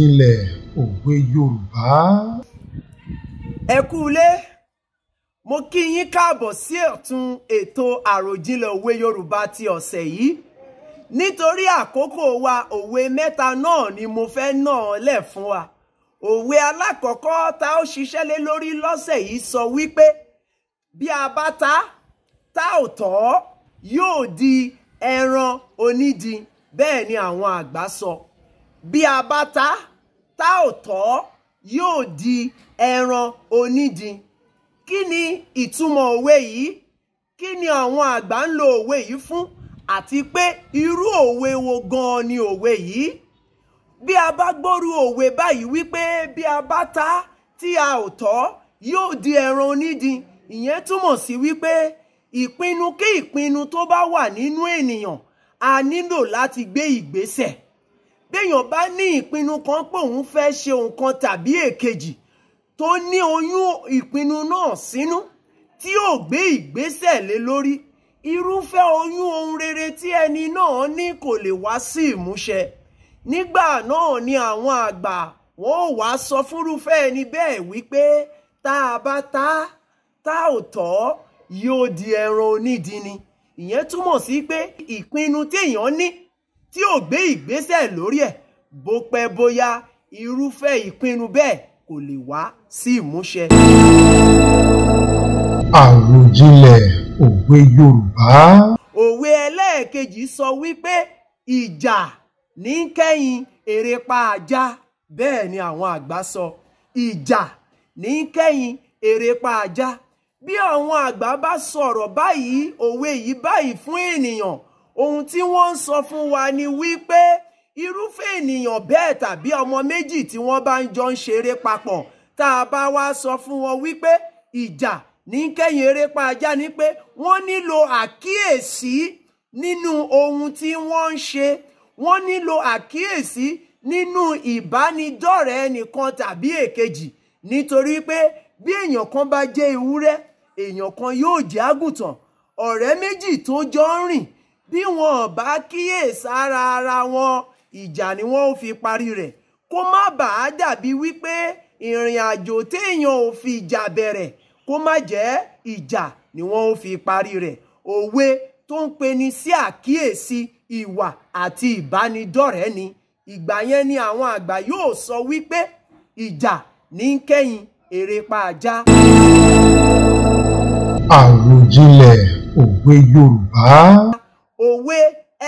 àròjinlẹ̀ òwe Yorùbá. ẹ kú ilé mo kí yín káàbọ̀ sí ọ̀tún ètò àròjinlẹ̀ òwe Yorùbá ti ọ̀sẹ̀ yìí nítorí àkókò wa òwe mẹ́ta náà ni mo fẹ́ nà ọ́ lẹ̀ fún wa òwe alákọ̀ọ́kọ́ tá ó ṣiṣẹ́ lé lórí lọ́sẹ̀ yìí sọ wípé bí a bá ta tá ò tọ́ yóò di ẹran onídìí bẹ́ẹ̀ ni àwọn àgbà sọ bí a bá ta tá ò tọ́ yóò di ẹran onídin kí ni ìtumọ̀ òwe yìí kí ni àwọn àgbà ń lo òwe yìí fún àti pé irú òwe wo gan-an ni òwe yìí bí a bá gbóru òwe báyìí wípé bí a bá ta tí a ò tọ́ yóò di ẹran onídin ìyẹn túmọ̀ sí wípé ìpinnu kí ìpinnu tó bá wà nínú ènìyàn a nílò láti gbé ìgbésẹ̀ béèyàn bá ní ìpinnu kan pé òun fẹ́ ṣe nǹkan tàbí èkejì tó ní oyún ìpinnu náà sínú tí ò gbé ìgbésẹ̀ lé lórí irúfẹ́ oyún ohun rere tí ẹni náà ní kò lè wá sí ìmúṣẹ nígbà náà ni àwọn àgbà wọn ò wá sọ fúnrúfẹ́ ẹni bẹ́ẹ̀ wípé tá a bá ta tá ò tọ́ yóò di ẹran onídìí ni ìyẹn túmọ̀ sí pé ìpinnu téèyàn ní tí ò gbé ìgbésẹ̀ lórí ẹ̀ bó pẹ́ bóyá irúfẹ́ ìpinnu bẹ́ẹ̀ kò lè wá sí ìmúṣẹ. àròjinlẹ̀ òwe yorùbá. òwe ẹlẹ́ẹ̀kejì sọ wípé ìjà ní kẹ́yìn eré pa ajá bẹ́ẹ̀ ni àwọn àgbà sọ ìjà ní kẹ́yìn eré pa ajá bí àwọn àgbà bá sọ̀rọ̀ báyìí òwe yìí báyìí fún ènìyàn ohun tí wọ́n ń sọ fún wa ni wípé irúfẹ́ ènìyàn bẹ́ẹ̀ tàbí ọmọ méjì tí wọ́n bá ń jọ ń ṣeré papọ̀ tá a bá wá sọ fún wọn wípé ìjà ní kẹ́yìn eré pa ajá ni pé wọ́n nílò àkíyèsí nínú ohun tí wọ́n ń ṣe wọ́n nílò àkíyèsí nínú ìbánidọ́rẹ̀ẹ́ ẹnìkan tàbí èkejì nítorí pé bí èèyàn kan bá jẹ́ ewúrẹ́ èèyàn kan yóò jẹ́ àgùntàn ọ̀rẹ́ méjì tó jọ ń rìn bí wọn ò bá kíyèsí ara ara wọn ìjà ni wọn ò fi parí rẹ̀ kó má bàa dàbí wípé ìrìn àjò téèyàn ò fi ìjà bẹ̀rẹ̀ kó má jẹ́ ìjà ni wọn ò fi parí rẹ̀ òwe tó ń peni sí àkíyèsí ìwà àti ìbánidọ́rẹ̀ẹ́ ni ìgbà yẹn ni àwọn àgbà yóò sọ wípé ìjà ní kẹ́yìn eré pa àròjinlẹ̀ òwe Yorùbá òwe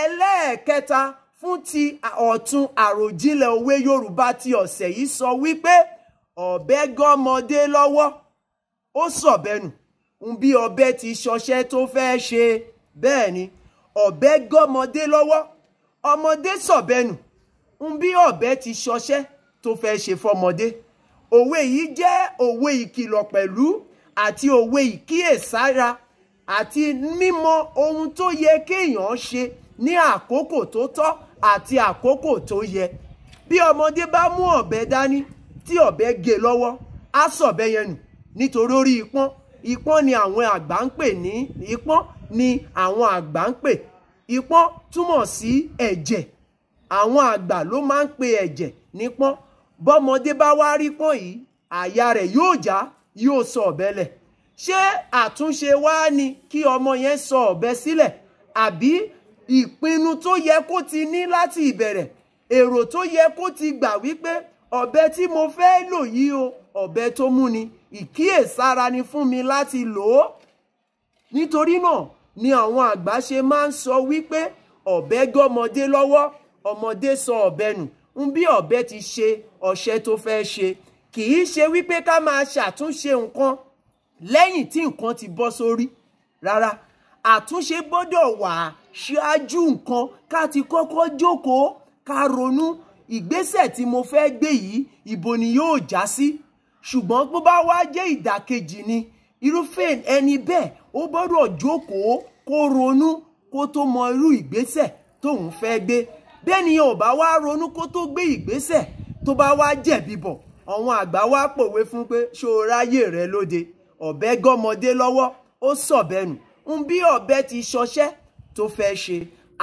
ẹlẹ́ẹ̀kẹta fún ti ọ̀tún àròjinlẹ̀ òwe Yorùbá ti ọ̀sẹ̀ yìí sọ wípé ọ̀bẹ gọ́mọdé lọ́wọ́ ó sọ̀bẹ̀nù ń bí ọ̀bẹ ti ṣọṣẹ́ tó fẹ́ ṣe bẹ́ẹ̀ ni ọ̀bẹ gọ́mọdé lọ́wọ́ ọmọdé sọ̀bẹ̀nù ń bí ọ̀bẹ ti ṣọṣẹ́ tó fẹ́ ṣe fọmọdé òwe yìí jẹ́ òwe ìkìlọ̀ pẹ̀lú àti òwe ìkíyèsára àti mímọ ohun tó yẹ kéèyàn ṣe ní àkókò tó tọ́ àti àkókò tó yẹ bí ọmọdé bá mú ọ̀bẹ dání tí ọ̀bẹ gé lọ́wọ́ á sọ̀bẹ yẹn nù nítorí orí ipọ́n ipọ́n ni àwọn àgbà ń pè ní ipọ́n ni àwọn àgbà ń pè ipọ́n túmọ̀ sí ẹ̀jẹ̀ àwọn àgbà ló máa ń pe ẹ̀jẹ̀ nípọ́n bọ́mọdé bá wá rí pọ́n yìí àyà rẹ̀ yóò já yóò sọ ọ̀bẹ lẹ̀ ṣé àtúnṣe wá ni kí ọmọ yẹn sọ ọ̀bẹ sílẹ̀ àbí ìpinnu tó yẹ kó ti ní láti ìbẹ̀rẹ̀ èrò tó yẹ kó ti gbà wípé ọ̀bẹ tí mo fẹ́ lò yìí o ọ̀bẹ tó mú ni ìkíyèsára ni fún mi láti lò ó nítorí náà ni àwọn àgbà ṣe máa ń sọ wípé ọ̀bẹ gọ́mọdé lọ́wọ́ ọmọdé sọ ọ̀bẹ nù ń bí ọ̀bẹ ti ṣe ọṣẹ tó fẹ́ ṣe kì í ṣe wípé ká máa ṣàtúnṣe nǹkan lẹ́yìn tí nǹkan ti bọ́ sórí rárá àtúnṣe gbọ́dọ̀ wà ṣáájú nǹkan ká ti kọ́kọ́ jókòó ká ronú ìgbésẹ̀ tí mo fẹ́ gbé yìí ibo ni yóò já sí ṣùgbọ́n bó bá wá jẹ́ ìdàkejì ni irúfẹ́ ẹni bẹ́ẹ̀ ó gbọ́dọ̀ jókòó kó ronú kó tó mọ irú ìgbésẹ̀ tóun fẹ́ gbé bẹ́ẹ̀ ni ò wá ronú kó tó gbé ìgbésẹ̀ tó bá wá jẹ̀bi bọ̀ àwọn àgbà wá pòwe fún pé ṣó ráyè rẹ lóde ọ̀bẹ gọ́mọdé lọ́wọ́ ó sọ̀bẹ nù ń bí ọ̀bẹ ti ṣọṣẹ́ tó fẹ́ ṣe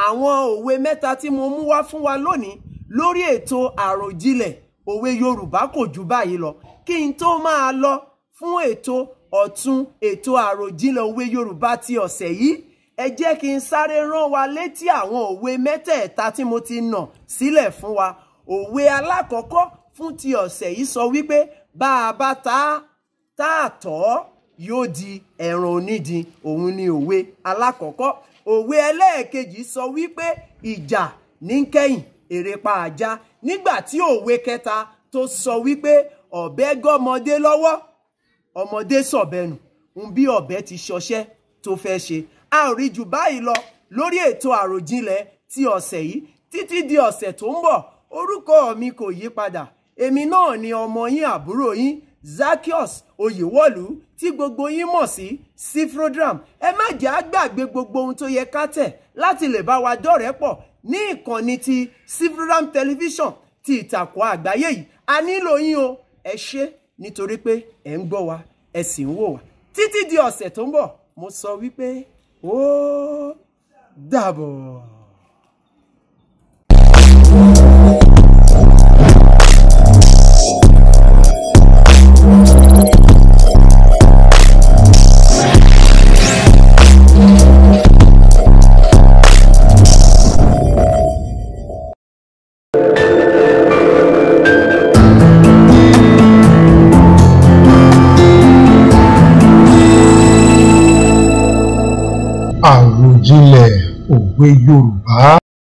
àwọn òwe mẹ́ta tí mo mú wá fún wa lónìí lórí ètò àròjinlẹ̀ òwe Yorùbá kò jù báyìí lọ kí n tó máa lọ fún ètò ọ̀tun ètò àròjinlẹ̀ òwe Yorùbá ti ọ̀sẹ̀ yìí ẹ jẹ́ kí n sáré rán wa létí àwọn òwe mẹ́tẹ̀ẹ̀ta tí mo ti nà sílẹ̀ fún wa òwe alákọ̀ọ́kọ́ fún ti ọ̀sẹ̀ yìí sọ wípé bá a bá ta tá a tọ́ yóò di ẹran onídin òun ni òwe alákọ̀ọ́kọ́ òwe ẹlẹ́ẹ̀kejì sọ wípé ìjà ní kẹ́yìn èrè pa ajá nígbà tí òwe kẹta tó sọ wípé ọ̀bẹ gọ́mọdé lọ́wọ́ ọmọdé sọ̀bẹnù ń bí ọ̀bẹ ti ṣọṣẹ́ tó fẹ́ ṣe a ò rí jù báyìí lọ lórí ètò àròjinlẹ̀ ti ọ̀sẹ̀ yìí títí di ọ̀sẹ̀ tó ń bọ̀ orúkọ mi kò yí padà èmi náà ni ọmọ yín àbúrò yín Zaccheaus Oyèwọ̀lú tí gbogbo yín mọ̀ sí Cfrodram ẹ má jẹ́ á gbàgbé gbogbo ohun tó yẹ ká tẹ̀ láti lè bá wa dọ̀rẹ́ pọ̀ ní ìkànnì ti Cfrodram television ti ìtàkùn àgbáyé yìí a nílò yín o ẹ ṣé nítorí pé ẹ ń gbọ́ wa ẹ sì ń wò wá títí di ọ̀sẹ̀ tó ń bọ̀ mo sọ wípé ó dàbọ̀. òwe Yorùbá.